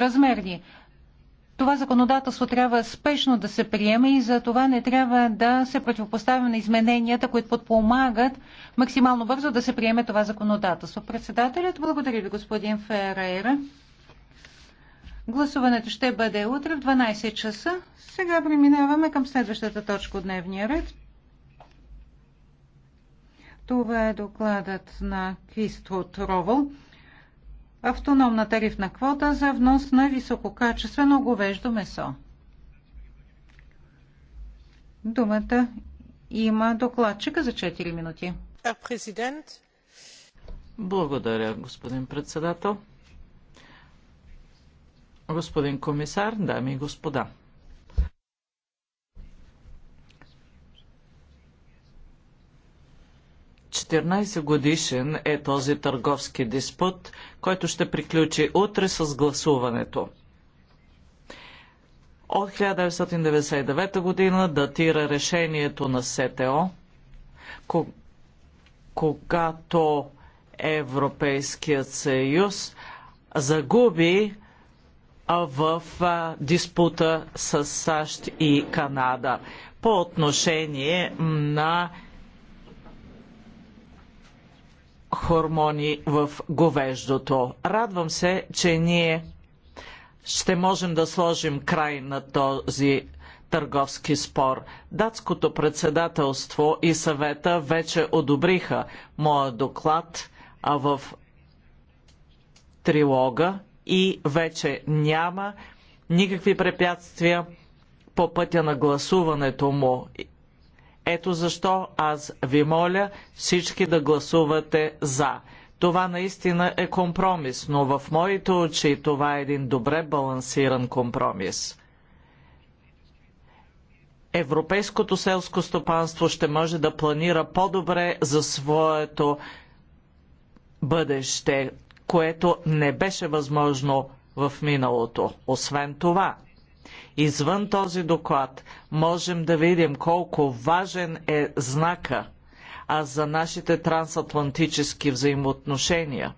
размерни. Това законодателство трябва спешно да се приеме и за това не трябва да се противопоставя на измененията, които подпомагат максимално бързо да се приеме това законодателство. Председателят, благодаря ви, господин Ферейра. Гласуването ще бъде утре в 12 часа. Сега преминаваме към следващата точка от дневния ред. Това е докладът на Кристо Ровъл автономна тарифна квота за внос на висококачествено говеждо месо. Думата има докладчика за 4 минути. Президент. Благодаря, господин председател. Господин комисар, дами и господа. 14 годишен е този търговски диспут, който ще приключи утре с гласуването. От 1999 година датира решението на СТО, когато Европейският съюз загуби в диспута с САЩ и Канада по отношение на хормони в говеждото. Радвам се, че ние ще можем да сложим край на този търговски спор. Датското председателство и съвета вече одобриха моя доклад а в трилога и вече няма никакви препятствия по пътя на гласуването му. Ето защо аз ви моля всички да гласувате за. Това наистина е компромис, но в моите очи това е един добре балансиран компромис. Европейското селско стопанство ще може да планира по-добре за своето бъдеще, което не беше възможно в миналото. Освен това, Извън този доклад можем да видим колко важен е знака а за нашите трансатлантически взаимоотношения.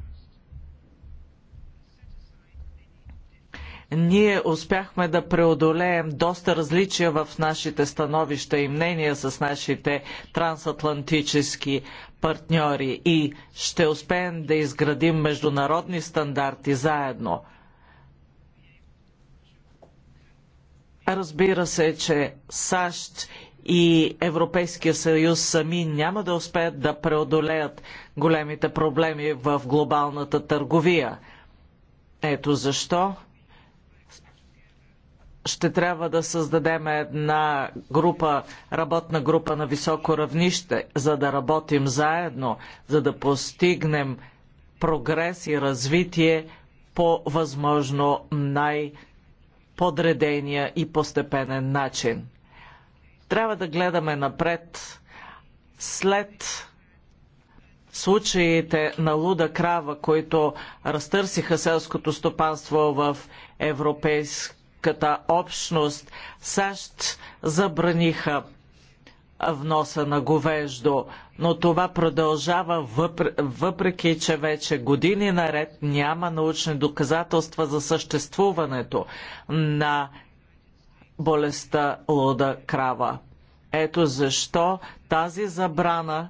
Ние успяхме да преодолеем доста различия в нашите становища и мнения с нашите трансатлантически партньори и ще успеем да изградим международни стандарти заедно – Разбира се, че САЩ и Европейския съюз сами няма да успеят да преодолеят големите проблеми в глобалната търговия. Ето защо ще трябва да създадем една група, работна група на високо равнище, за да работим заедно, за да постигнем прогрес и развитие по възможно най- подредения и постепенен начин. Трябва да гледаме напред след случаите на луда крава, които разтърсиха селското стопанство в европейската общност, САЩ забраниха вноса на говеждо, но това продължава въпреки, че вече години наред няма научни доказателства за съществуването на болестта луда крава. Ето защо тази забрана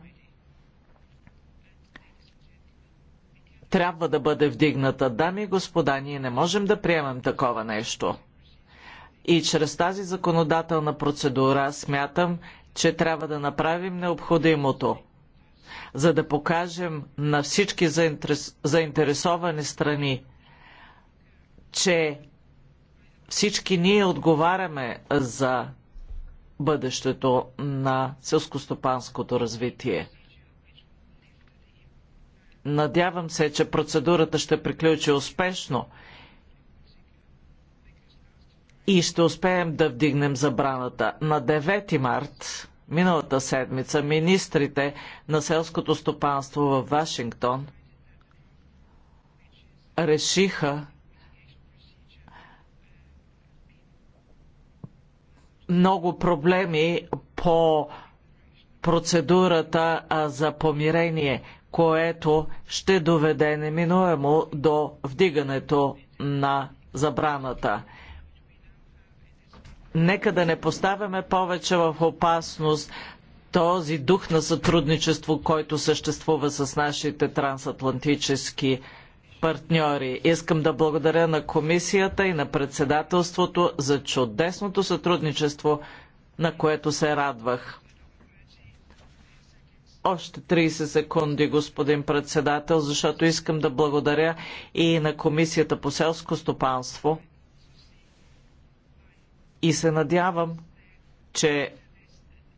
трябва да бъде вдигната. Дами и господа, ние не можем да приемем такова нещо. И чрез тази законодателна процедура смятам, че трябва да направим необходимото, за да покажем на всички заинтересовани страни, че всички ние отговаряме за бъдещето на селскостопанското развитие. Надявам се, че процедурата ще приключи успешно и ще успеем да вдигнем забраната. На 9 март миналата седмица министрите на селското стопанство в Вашингтон решиха много проблеми по процедурата за помирение, което ще доведе неминуемо до вдигането на забраната нека да не поставяме повече в опасност този дух на сътрудничество, който съществува с нашите трансатлантически партньори. Искам да благодаря на комисията и на председателството за чудесното сътрудничество, на което се радвах. Още 30 секунди, господин председател, защото искам да благодаря и на Комисията по селско стопанство – и се надявам, че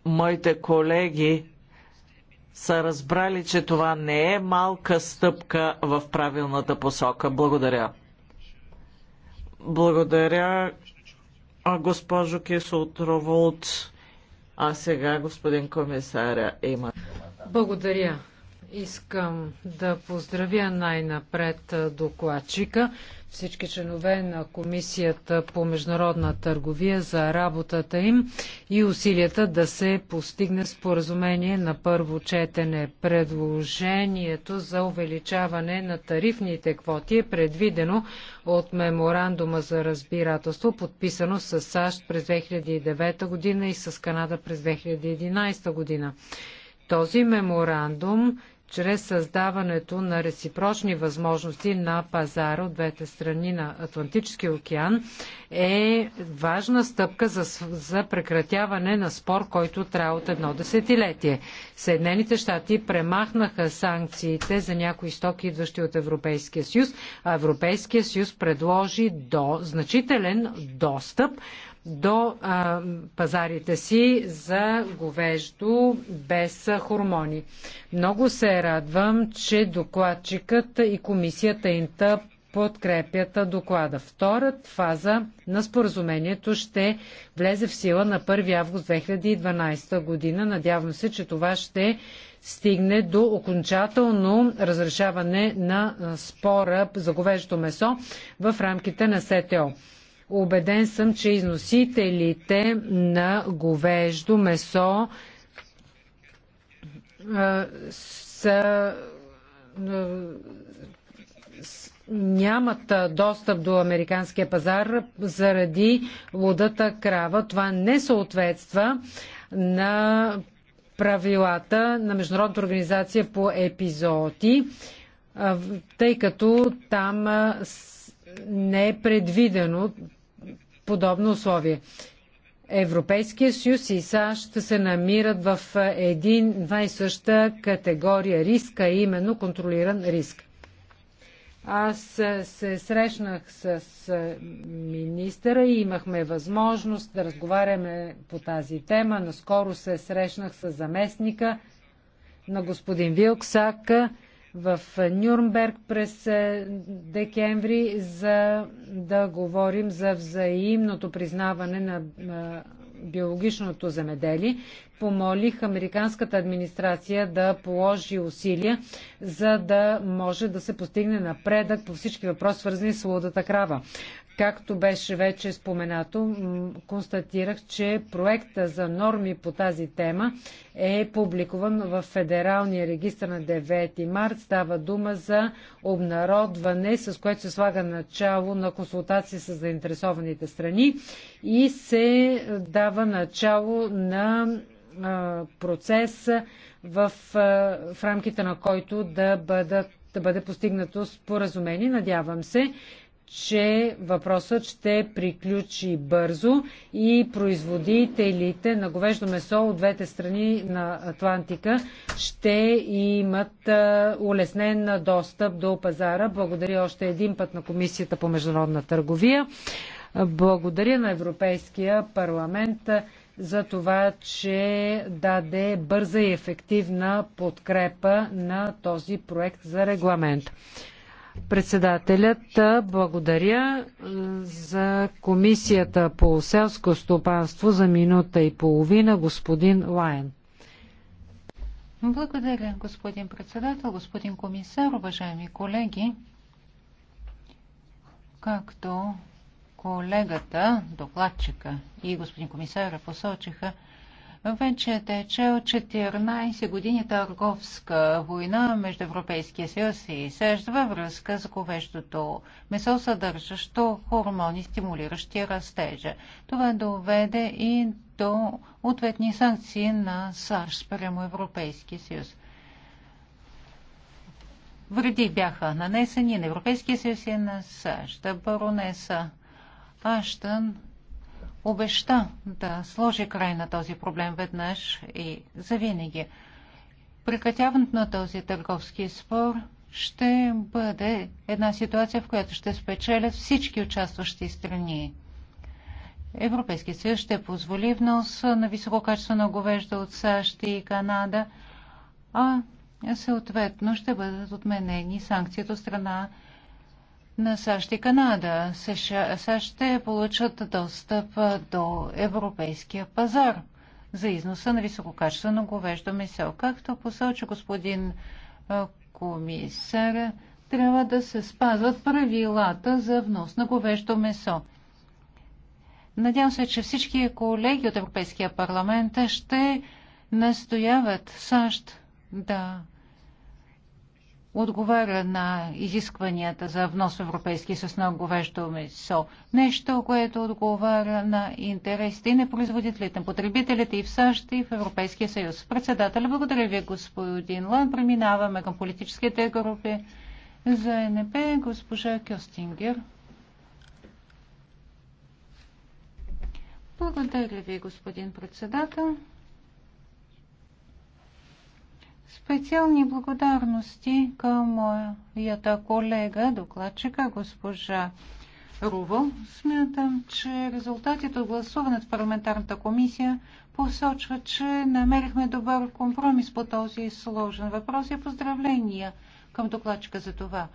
моите колеги са разбрали, че това не е малка стъпка в правилната посока. Благодаря. Благодаря, госпожо Кисотрова от... А сега господин комисаря има. Благодаря. Искам да поздравя най-напред докладчика всички членове на Комисията по международна търговия за работата им и усилията да се постигне споразумение на първо четене. Предложението за увеличаване на тарифните квоти е предвидено от меморандума за разбирателство, подписано с САЩ през 2009 година и с Канада през 2011 година. Този меморандум чрез създаването на реципрочни възможности на пазара от двете страни на Атлантическия океан е важна стъпка за, за прекратяване на спор, който трябва от едно десетилетие. Съединените щати премахнаха санкциите за някои стоки, идващи от Европейския съюз, а Европейския съюз предложи до значителен достъп до а, пазарите си за говеждо без хормони. Много се радвам, че докладчикът и комисията Инта подкрепят доклада. Втората фаза на споразумението ще влезе в сила на 1 август 2012 година. Надявам се, че това ще стигне до окончателно разрешаване на спора за говеждо месо в рамките на СТО. Обеден съм, че износителите на говеждо месо са нямат достъп до американския пазар заради лудата крава. Това не съответства на правилата на Международната организация по епизоти, тъй като там не е предвидено подобно условие. Европейския съюз и САЩ ще се намират в един, два и съща категория риска, именно контролиран риск. Аз се срещнах с министъра и имахме възможност да разговаряме по тази тема. Наскоро се срещнах с заместника на господин Вилксак в Нюрнберг през е, декември, за да говорим за взаимното признаване на е, биологичното земеделие. Помолих американската администрация да положи усилия, за да може да се постигне напредък по всички въпроси, свързани с лудата крава. Както беше вече споменато, констатирах, че проекта за норми по тази тема е публикуван в Федералния регистр на 9 март. Става дума за обнародване, с което се слага начало на консултации с заинтересованите страни и се дава начало на процес в, в рамките на който да бъдат да бъде постигнато споразумение. Надявам се, че въпросът ще приключи бързо и производителите на говеждо месо от двете страни на Атлантика ще имат улеснен достъп до пазара. Благодаря още един път на Комисията по международна търговия. Благодаря на Европейския парламент за това, че даде бърза и ефективна подкрепа на този проект за регламент. Председателят благодаря за Комисията по селско стопанство за минута и половина, господин Лайен. Благодаря, господин председател, господин комисар, уважаеми колеги. Както колегата, докладчика и господин комисара посочиха, вече тече от 14 години търговска война между Европейския съюз и САЩ във връзка с говещото месо, съдържащо хормони, стимулиращи растежа. Това доведе и до ответни санкции на САЩ спрямо Европейския съюз. Вреди бяха нанесени на Европейския съюз и на САЩ. Баронеса Аштън обеща да сложи край на този проблем веднъж и завинаги. Прекратяването на този търговски спор ще бъде една ситуация, в която ще спечелят всички участващи страни. Европейския съюз ще позволи внос на високо на говежда от САЩ и Канада, а съответно ще бъдат отменени санкциите от страна на САЩ и Канада. САЩ ще получат достъп до европейския пазар за износа на висококачествено говеждо месо. Както посочи господин комисар, трябва да се спазват правилата за внос на говеждо месо. Надявам се, че всички колеги от Европейския парламент ще настояват САЩ да отговаря на изискванията за внос в Европейския много говещо месо. Нещо, което отговаря на интересите и на производителите, на потребителите и в САЩ, и в Европейския съюз. Председателя, благодаря ви, господин Лан. Преминаваме към политическите групи. За НП госпожа Кюстингер. Благодаря ви, господин председател. Специални благодарности към моята колега, докладчика, госпожа Рувал. Смятам, че резултатите от гласуването в парламентарната комисия посочва, че намерихме добър компромис по този сложен въпрос и поздравления към докладчика за това.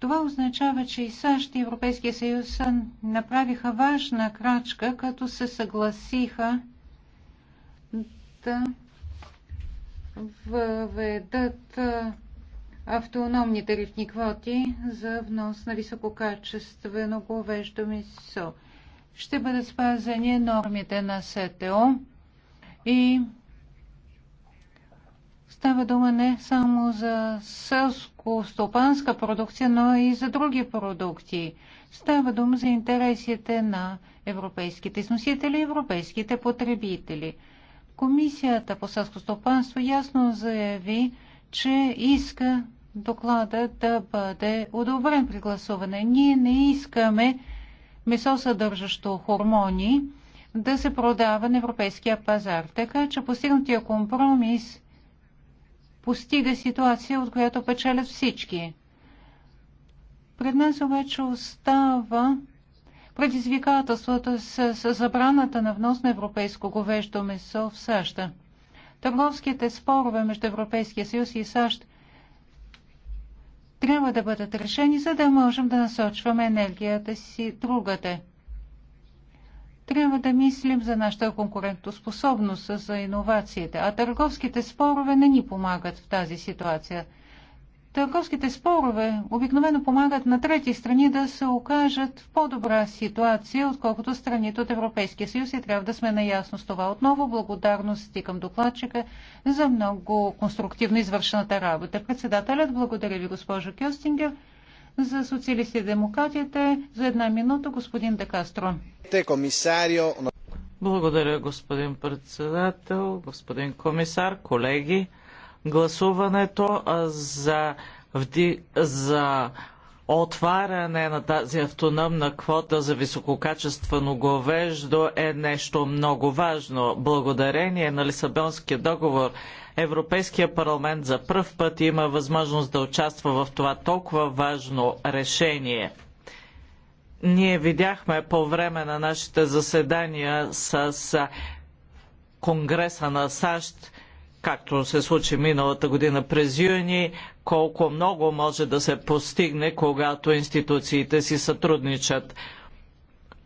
Това означава, че и САЩ и Европейския съюз направиха важна крачка, като се съгласиха да въведат автономни тарифни квоти за внос на висококачествено говеждо месо. Ще бъдат спазени нормите на СТО и става дума не само за селско-стопанска продукция, но и за други продукти. Става дума за интересите на европейските износители и европейските потребители – Комисията по селско стопанство ясно заяви, че иска доклада да бъде удобрен при гласуване. Ние не искаме месо, съдържащо хормони, да се продава на европейския пазар. Така че постигнатия компромис постига ситуация, от която печелят всички. Пред нас обаче остава предизвикателствата с, с забраната на внос на европейско говеждо месо в САЩ. Търговските спорове между Европейския съюз и САЩ трябва да бъдат решени, за да можем да насочваме енергията си другата. Трябва да мислим за нашата конкурентоспособност, за иновациите, а търговските спорове не ни помагат в тази ситуация – Търговските спорове обикновено помагат на трети страни да се окажат в по-добра ситуация, отколкото страните от Европейския съюз и трябва да сме наясно с това. Отново благодарности към докладчика за много конструктивно извършената работа. Председателят, благодаря ви, госпожо Кюстингер. За социалисти и демократите, за една минута, господин Декастро. Благодаря, господин председател, господин комисар, колеги гласуването за, за отваряне на тази автономна квота за висококачествено говеждо е нещо много важно. Благодарение на Лисабонския договор Европейския парламент за първ път има възможност да участва в това толкова важно решение. Ние видяхме по време на нашите заседания с Конгреса на САЩ както се случи миналата година през юни, колко много може да се постигне, когато институциите си сътрудничат.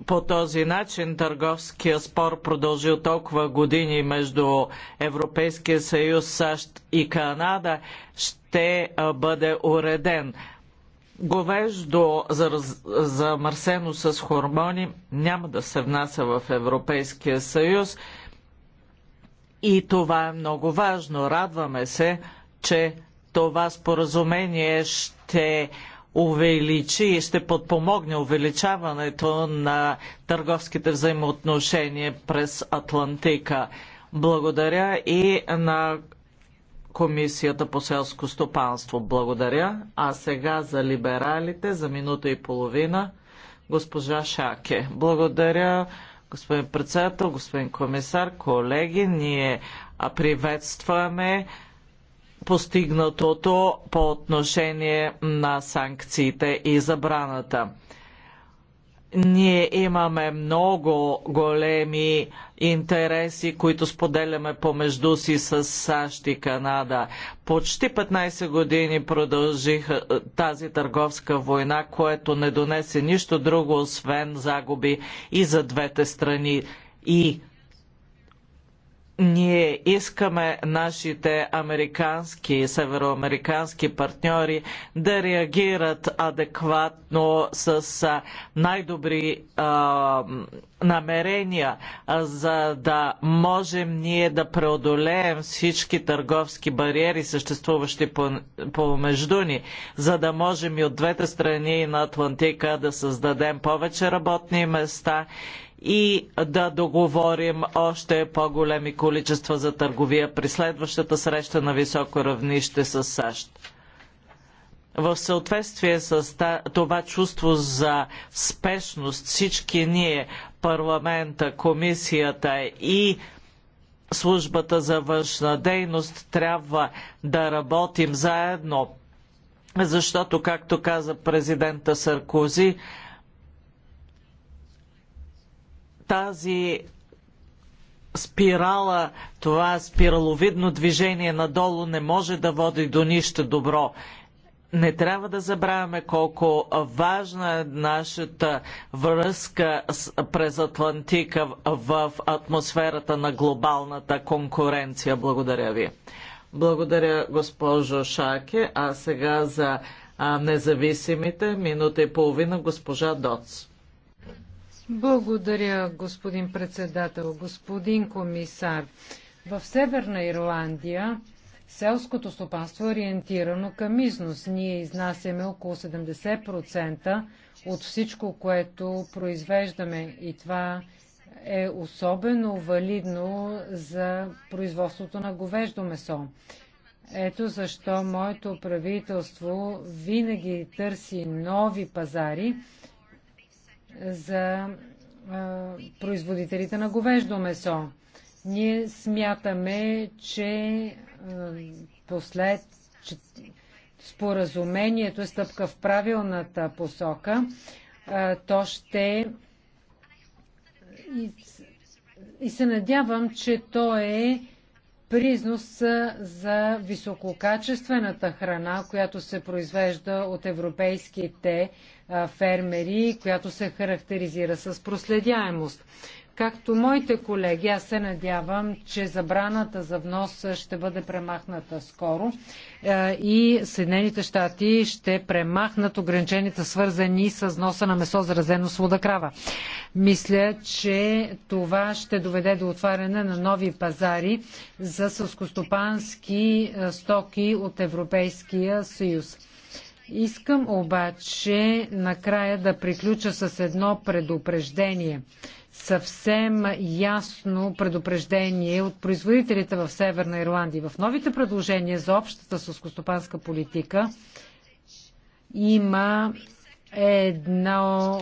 По този начин търговския спор продължил толкова години между Европейския съюз, САЩ и Канада ще бъде уреден. Говеждо замърсено с хормони няма да се внася в Европейския съюз и това е много важно. Радваме се, че това споразумение ще увеличи и ще подпомогне увеличаването на търговските взаимоотношения през Атлантика. Благодаря и на Комисията по селско стопанство. Благодаря. А сега за либералите за минута и половина госпожа Шаке. Благодаря. Господин председател, господин комисар, колеги, ние приветстваме постигнатото по отношение на санкциите и забраната ние имаме много големи интереси, които споделяме помежду си с САЩ и Канада. Почти 15 години продължих е, тази търговска война, което не донесе нищо друго, освен загуби и за двете страни. И ние искаме нашите американски и североамерикански партньори да реагират адекватно с най-добри намерения, за да можем ние да преодолеем всички търговски бариери, съществуващи помежду ни, за да можем и от двете страни на Атлантика да създадем повече работни места и да договорим още по-големи количества за търговия при следващата среща на високо равнище с САЩ. В съответствие с това чувство за спешност всички ние, парламента, комисията и службата за външна дейност трябва да работим заедно, защото, както каза президента Саркози, тази спирала, това спираловидно движение надолу не може да води до нищо добро. Не трябва да забравяме колко важна е нашата връзка през Атлантика в атмосферата на глобалната конкуренция. Благодаря ви. Благодаря, госпожо Шаке. А сега за независимите минута и половина госпожа Доц. Благодаря, господин председател, господин комисар. В Северна Ирландия селското стопанство е ориентирано към износ. Ние изнасяме около 70% от всичко, което произвеждаме и това е особено валидно за производството на говеждо месо. Ето защо моето правителство винаги търси нови пазари за производителите на говеждо месо. Ние смятаме, че послед че споразумението е стъпка в правилната посока. То ще и се надявам, че то е признос за висококачествената храна, която се произвежда от европейските фермери, която се характеризира с проследяемост. Както моите колеги, аз се надявам, че забраната за внос ще бъде премахната скоро и Съединените щати ще премахнат ограниченията, свързани с носа на месо, заразено с вода крава. Мисля, че това ще доведе до отваряне на нови пазари за съскостопански стоки от Европейския съюз Искам обаче накрая да приключа с едно предупреждение. Съвсем ясно предупреждение от производителите в Северна Ирландия. В новите предложения за общата сълскостопанска политика има една,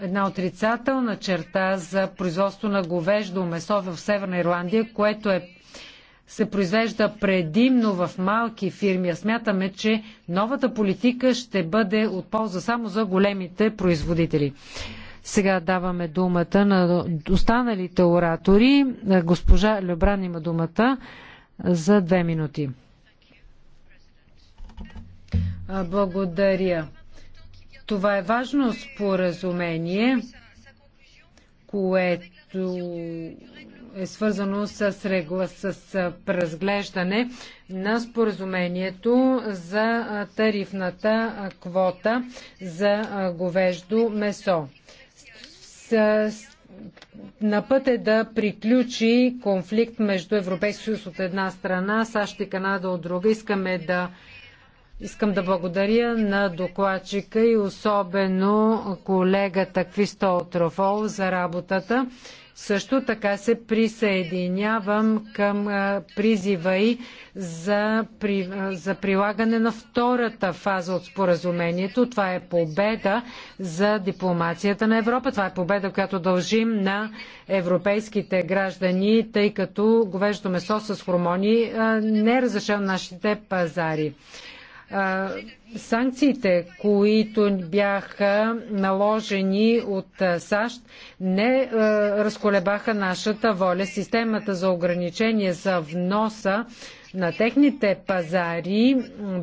една отрицателна черта за производство на говеждо месо в Северна Ирландия, което е се произвежда предимно в малки фирми. А смятаме, че новата политика ще бъде от полза само за големите производители. Сега даваме думата на останалите оратори. Госпожа Любран има думата за две минути. Благодаря. Това е важно споразумение, което е свързано с, регла, с разглеждане на споразумението за тарифната квота за говеждо месо. С, на път е да приключи конфликт между Европейския съюз от една страна, САЩ и Канада от друга. Искаме да Искам да благодаря на докладчика и особено колегата Квистол Трофол за работата. Също така се присъединявам към призива и за, при, за прилагане на втората фаза от споразумението. Това е победа за дипломацията на Европа. Това е победа, която дължим на европейските граждани, тъй като говеждо месо с хормони не е разрешено нашите пазари санкциите, които бяха наложени от САЩ, не разколебаха нашата воля. Системата за ограничение за вноса на техните пазари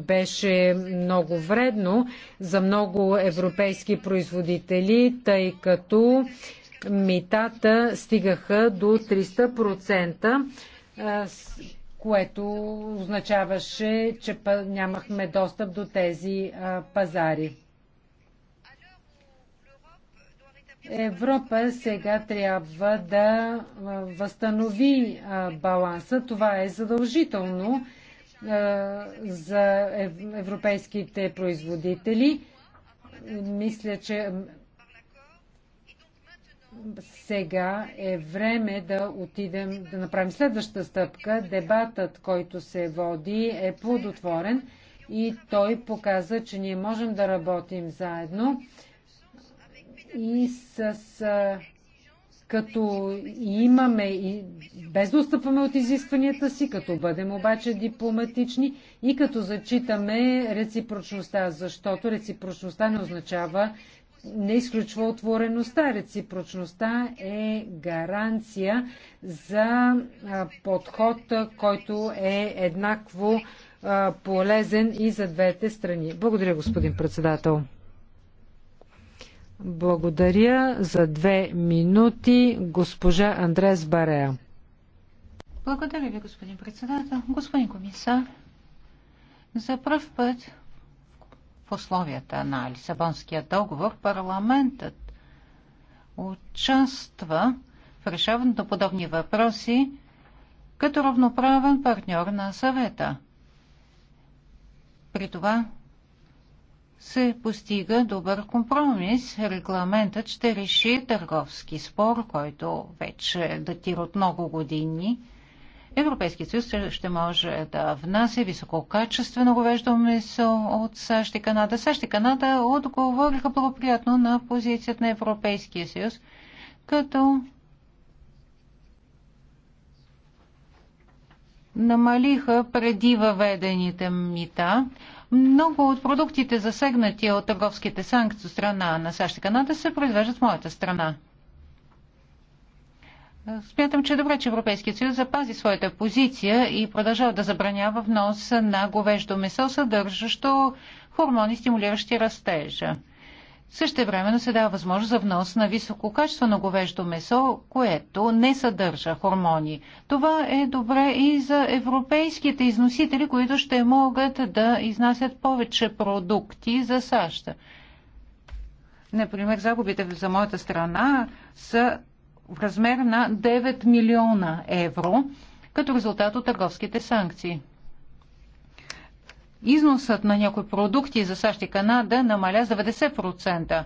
беше много вредно за много европейски производители, тъй като митата стигаха до 300% което означаваше, че нямахме достъп до тези пазари. Европа сега трябва да възстанови баланса. Това е задължително за европейските производители. Мисля, че сега е време да отидем да направим следваща стъпка. Дебатът, който се води, е плодотворен и той показа, че ние можем да работим заедно и с като имаме и без да отстъпваме от изискванията си, като бъдем обаче дипломатични и като зачитаме реципрочността, защото реципрочността не означава, не изключва отвореността. Реципрочността е гаранция за подход, който е еднакво полезен и за двете страни. Благодаря, господин председател. Благодаря за две минути госпожа Андрес Барея. Благодаря ви, господин председател. Господин комисар, за първ път в условията на Лисабонския договор парламентът участва в решаването на подобни въпроси като равноправен партньор на съвета. При това се постига добър компромис. Регламентът ще реши търговски спор, който вече датира от много години – Европейският съюз ще може да внася висококачествено говеждо месо от САЩ и Канада. САЩ и Канада отговориха благоприятно на позицията на Европейския съюз, като намалиха преди въведените мита. Много от продуктите, засегнати от търговските санкции от страна на САЩ и Канада, се произвеждат в моята страна. Смятам, че е добре, че Европейският съюз запази своята позиция и продължава да забранява внос на говеждо месо, съдържащо хормони, стимулиращи растежа. Също времено се дава възможност за внос на високо на говеждо месо, което не съдържа хормони. Това е добре и за европейските износители, които ще могат да изнасят повече продукти за САЩ. Например, загубите за моята страна са в размер на 9 милиона евро като резултат от търговските санкции. Износът на някои продукти за САЩ и Канада намаля за 90%.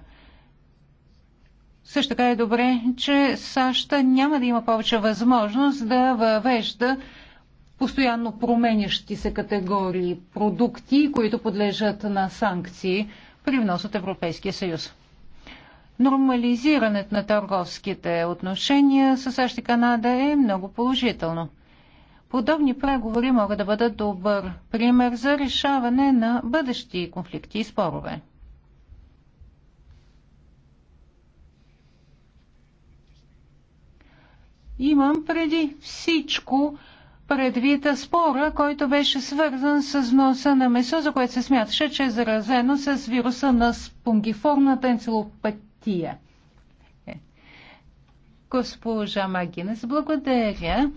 Също така е добре, че САЩ няма да има повече възможност да въвежда постоянно променящи се категории продукти, които подлежат на санкции при внос от Европейския съюз. Нормализирането на търговските отношения с САЩ и Канада е много положително. Подобни преговори могат да бъдат добър пример за решаване на бъдещи конфликти и спорове. Имам преди всичко предвид спора, който беше свързан с носа на месо, за което се смяташе, че е заразено с вируса на спонгиформната енцелопатия Тия. Е. Госпожа Магинес, благодаря.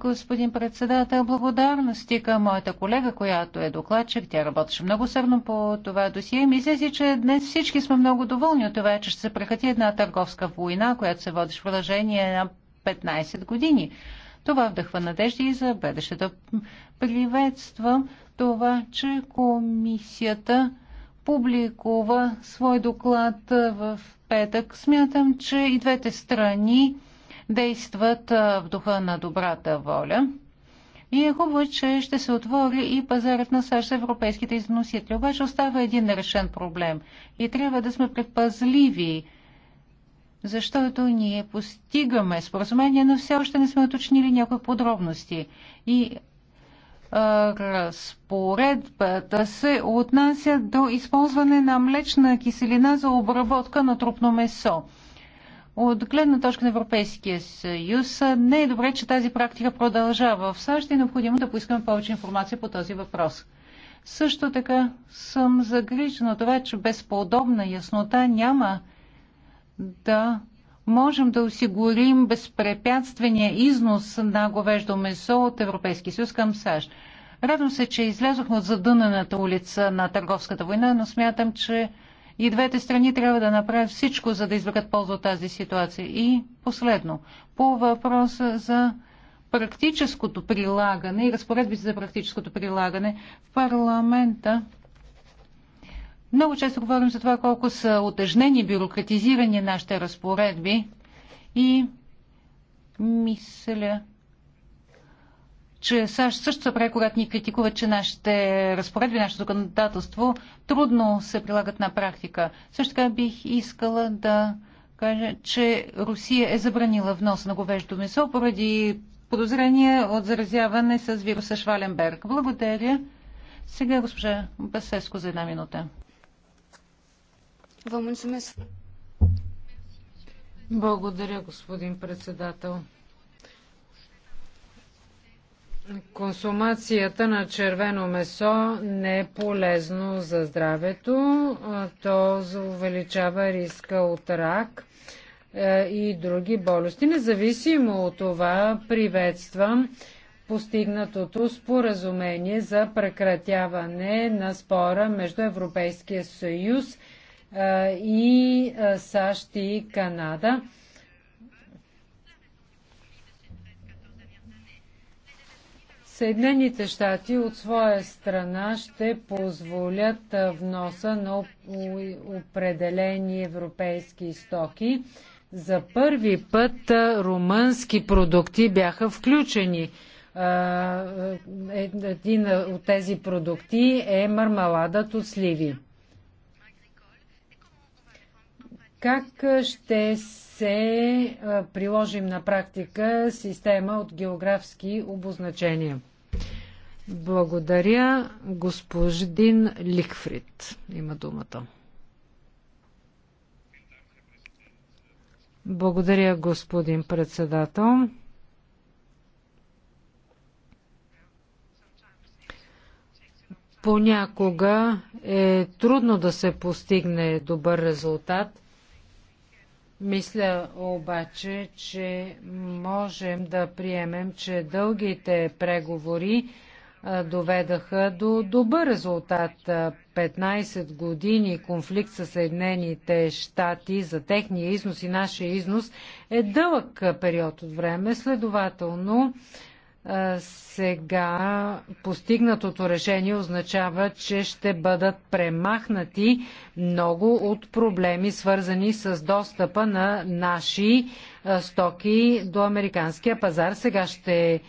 Господин председател, благодарности към моята колега, която е докладчик. Тя работеше много сърно по това досие. Мисля си, че днес всички сме много доволни от това, че ще се прекрати една търговска война, която се водиш в продължение на 15 години. Това вдъхва надежда и за бъдещето. Приветствам това, че комисията публикува свой доклад в петък. Смятам, че и двете страни действат в духа на добрата воля. И е хубаво, че ще се отвори и пазарът на САЩ за европейските износители. Обаче остава един решен проблем. И трябва да сме предпазливи, защото ние постигаме споразумение, но все още не сме уточнили някои подробности. И разпоредбата се отнася до използване на млечна киселина за обработка на трупно месо. От гледна точка на Европейския съюз не е добре, че тази практика продължава в САЩ и е необходимо да поискаме повече информация по този въпрос. Също така съм загрижена това, че без подобна яснота няма да можем да осигурим безпрепятствения износ на говеждо месо от Европейския съюз към САЩ. Радвам се, че излязохме от задънената улица на търговската война, но смятам, че и двете страни трябва да направят всичко, за да извлекат полза от тази ситуация. И последно, по въпроса за практическото прилагане и разпоредбите за практическото прилагане в парламента много често говорим за това колко са отежнени, бюрократизирани нашите разпоредби и мисля, че САЩ също са прави, когато ни критикуват, че нашите разпоредби, нашето законодателство трудно се прилагат на практика. Също така бих искала да кажа, че Русия е забранила внос на говеждо месо поради подозрение от заразяване с вируса Шваленберг. Благодаря. Сега госпожа Басеско за една минута. Благодаря, господин председател. Консумацията на червено месо не е полезно за здравето. То увеличава риска от рак е, и други болести. Независимо от това, приветствам постигнатото споразумение за прекратяване на спора между Европейския съюз и и САЩ и Канада. Съединените щати от своя страна ще позволят вноса на определени европейски стоки. За първи път румънски продукти бяха включени. Е, един от тези продукти е мармаладът от сливи. Как ще се приложим на практика система от географски обозначения? Благодаря. Господин Ликфрид има думата. Благодаря, господин председател. Понякога е трудно да се постигне добър резултат, мисля обаче, че можем да приемем, че дългите преговори доведаха до добър резултат. 15 години конфликт с Съединените щати за техния износ и нашия износ е дълъг период от време. Следователно, сега постигнатото решение означава, че ще бъдат премахнати много от проблеми, свързани с достъпа на наши стоки до американския пазар. Сега ще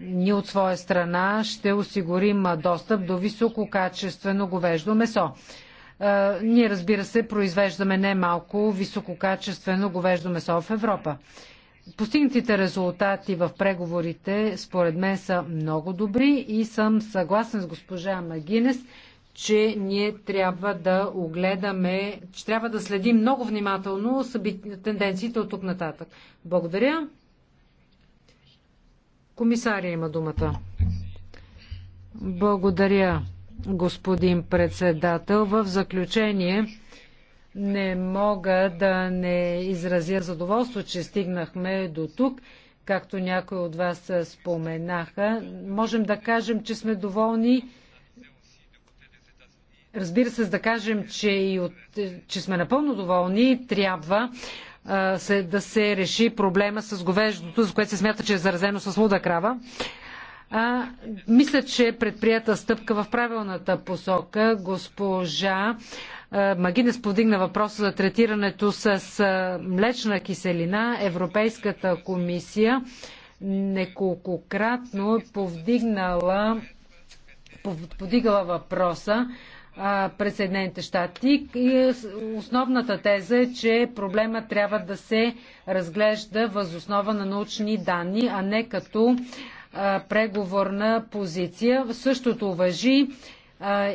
ни от своя страна ще осигурим достъп до висококачествено говеждо месо. Ние, разбира се, произвеждаме немалко висококачествено говеждо месо в Европа. Постигнатите резултати в преговорите според мен са много добри и съм съгласен с госпожа Магинес, че ние трябва да огледаме, че трябва да следим много внимателно тенденциите от тук нататък. Благодаря. Комисария има думата. Благодаря, господин председател. В заключение, не мога да не изразя задоволство, че стигнахме до тук. Както някои от вас споменаха, можем да кажем, че сме доволни. Разбира се, да кажем, че, и от, че сме напълно доволни, трябва а, се, да се реши проблема с говеждото, за което се смята, че е заразено с луда крава. А, мисля, че е предприята стъпка в правилната посока. Госпожа Магинес подигна въпроса за третирането с млечна киселина. Европейската комисия неколкократно е повдигнала, повдигала въпроса през Съединените щати. И е, основната теза е, че проблема трябва да се разглежда възоснова на научни данни, а не като преговорна позиция. Същото въжи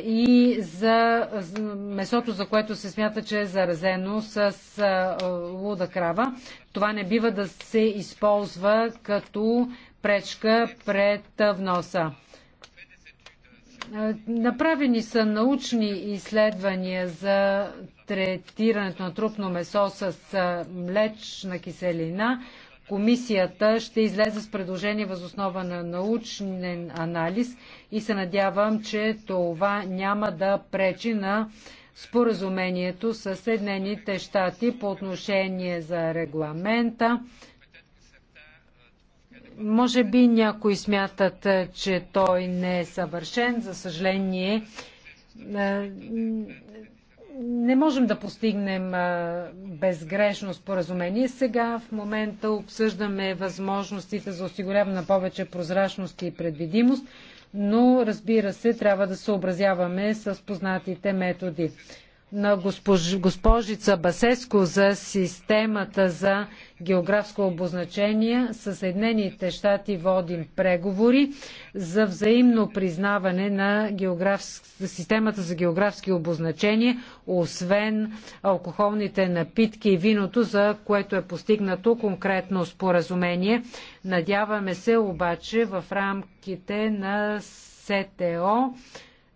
и за месото, за което се смята, че е заразено с луда крава. Това не бива да се използва като пречка пред вноса. Направени са научни изследвания за третирането на трупно месо с млечна киселина, Комисията ще излезе с предложение възоснова на научен анализ и се надявам, че това няма да пречи на споразумението с Съединените щати по отношение за регламента. Може би някои смятат, че той не е съвършен. За съжаление, не можем да постигнем безгрешно споразумение. Сега в момента обсъждаме възможностите за осигуряване на повече прозрачност и предвидимост, но разбира се, трябва да съобразяваме с познатите методи на госпож, госпожица Басеско за системата за географско обозначение. С Съединените щати водим преговори за взаимно признаване на географс... системата за географски обозначения, освен алкохолните напитки и виното, за което е постигнато конкретно споразумение. Надяваме се обаче в рамките на СТО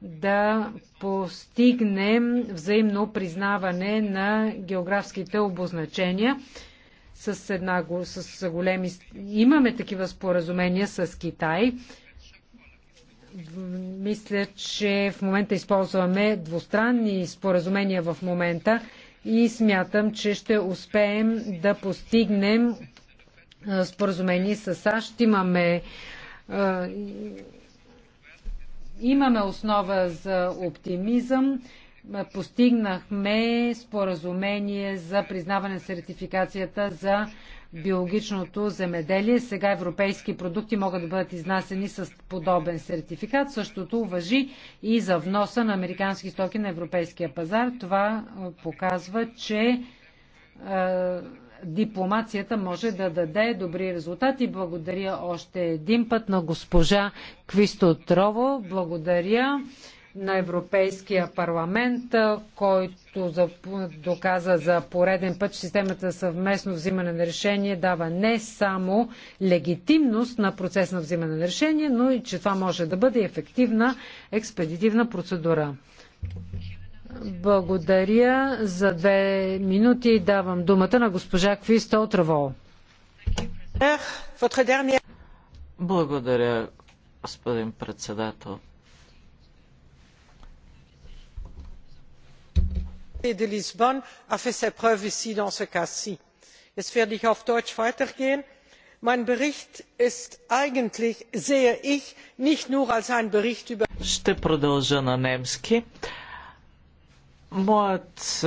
да постигнем взаимно признаване на географските обозначения с, една, с големи... Имаме такива споразумения с Китай. Мисля, че в момента използваме двустранни споразумения в момента и смятам, че ще успеем да постигнем споразумение с САЩ. Имаме имаме основа за оптимизъм. Постигнахме споразумение за признаване на сертификацията за биологичното земеделие. Сега европейски продукти могат да бъдат изнасени с подобен сертификат. Същото въжи и за вноса на американски стоки на европейския пазар. Това показва, че дипломацията може да даде добри резултати. Благодаря още един път на госпожа Квисто Трово. Благодаря на Европейския парламент, който за, доказа за пореден път, че системата съвместно взимане на решение дава не само легитимност на процес на взимане на решение, но и че това може да бъде ефективна експедитивна процедура. Благодаря. За две минути давам думата на госпожа Квиста от Равол. Благодаря, господин председател. de Lisbonne a fait ses preuves ici dans ce cas-ci. Jetzt werde ich auf Deutsch weitergehen. Mein Bericht ist eigentlich, sehe ich, nicht nur als ein Bericht über... Ще продължа на немски. Uh, Моят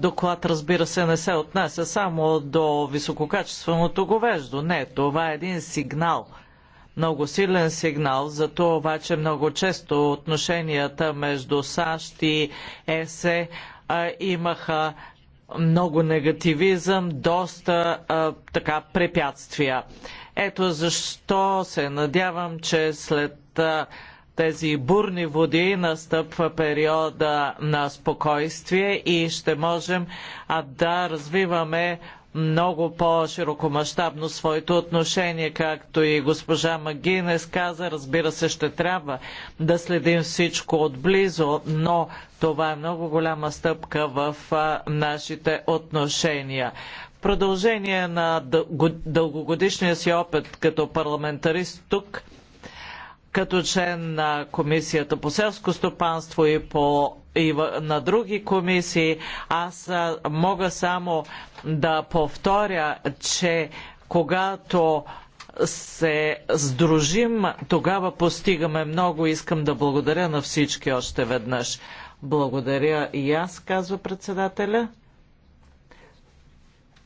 доклад, разбира се, не се отнася само до висококачественото говеждо. Не, това е един сигнал – много силен сигнал. За това обаче много често отношенията между САЩ и ЕСЕ а, имаха много негативизъм, доста а, така препятствия. Ето защо се надявам, че след а, тези бурни води настъпва периода на спокойствие и ще можем да развиваме много по-широкомащабно своето отношение, както и госпожа Магинес каза. Разбира се, ще трябва да следим всичко отблизо, но това е много голяма стъпка в нашите отношения. В продължение на дългогодишния си опит като парламентарист тук, като член на Комисията по селско стопанство и, по, и на други комисии, аз мога само да повторя, че когато се сдружим, тогава постигаме много. Искам да благодаря на всички още веднъж. Благодаря и аз, казва председателя.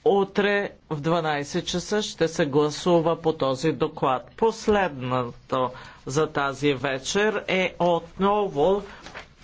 Утре в 12 часа ще се гласува по този доклад. Последното за тази вечер е отново